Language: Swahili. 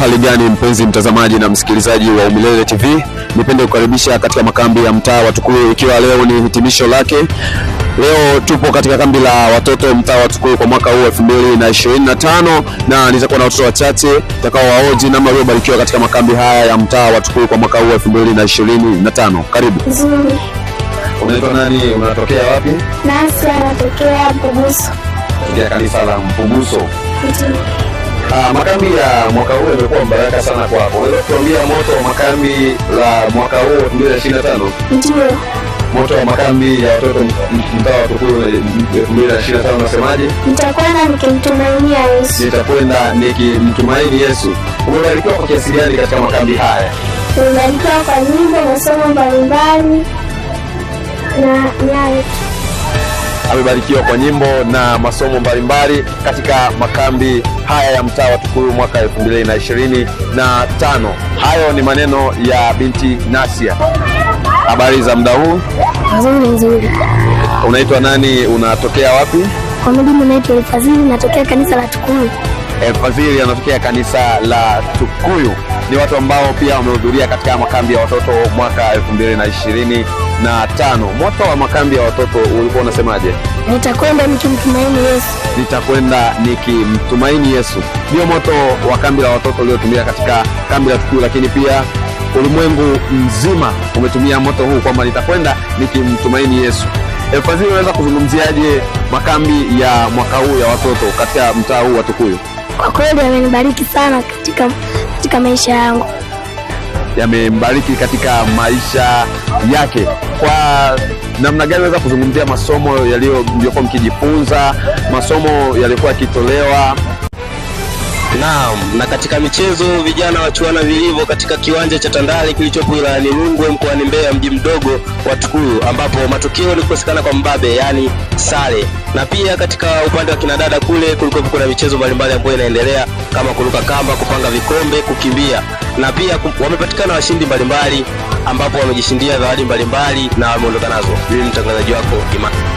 Hali gani mpenzi mtazamaji na msikilizaji wa Umilele TV, nipende kukaribisha katika makambi ya mtaa wa Tukuyu, ikiwa leo ni hitimisho lake. Leo tupo katika kambi la watoto mtaa wa Tukuyu kwa mwaka huu 2025 na nitakuwa na watoto wachache nitakaowahoji namna waliobarikiwa katika makambi haya ya mtaa wa Tukuyu kwa mwaka huu 2025. Karibu. Unaitwa nani? Unatokea wapi? Nasi anatokea Mpuguso. Kanisa la Mpuguso. Uh, makambi ya mwaka huu yamekuwa mbaraka sana kwako. Unaweza kutuambia moto wa makambi la mwaka huu 2025? Ndio. Moto wa makambi ya watoto mtaa wa Tukuyu 2025 unasemaje? Nitakwenda nikimtumainia Yesu. Nitakwenda nikimtumaini Yesu. Umebarikiwa kwa kiasi gani katika makambi haya? Nimebarikiwa kwa nyimbo na somo mbalimbali na nyayo amebarikiwa kwa nyimbo na masomo mbalimbali katika makambi haya ya mtaa wa Tukuyu mwaka 2025. Hayo ni maneno ya binti Nasia. Habari za muda huu? Nzuri, nzuri. Unaitwa nani? Unatokea wapi? Kwa majina naitwa Elfazili, natokea kanisa la Tukuyu. Elfazili anatokea kanisa la Tukuyu. Ni watu ambao pia wamehudhuria katika makambi ya watoto mwaka 2025. moto wa makambi ya watoto ulikuwa unasemaje? Nitakwenda nikimtumaini Yesu. Nitakwenda nikimtumaini Yesu. Ndio moto wa kambi la watoto uliotumia katika kambi la tukio, lakini pia ulimwengu mzima umetumia moto huu kwamba nitakwenda nikimtumaini Yesu. Efadhili, unaweza kuzungumziaje makambi ya mwaka huu ya watoto katika mtaa huu wa Tukuyu? Kwa kweli yamenibariki sana katika, katika maisha yangu yamembariki katika maisha yake kwa namna gani naweza kuzungumzia masomo yaliyokuwa mkijifunza, masomo yaliyokuwa yakitolewa? Naam, na katika michezo vijana wachuana vilivyo katika kiwanja cha Tandale kilichopo wilayani Rungwe mkoani Mbeya, mji mdogo wa tukuyu ambapo matokeo ni kukosekana kwa mbabe, yaani sale Na pia katika upande wa kinadada kule kulikuwa kuna michezo mbalimbali ambayo inaendelea kama kuruka kamba, kupanga vikombe, kukimbia, na pia wamepatikana washindi mbalimbali ambapo wamejishindia zawadi mbalimbali na wameondoka nazo. Mimi mtangazaji wako Imani.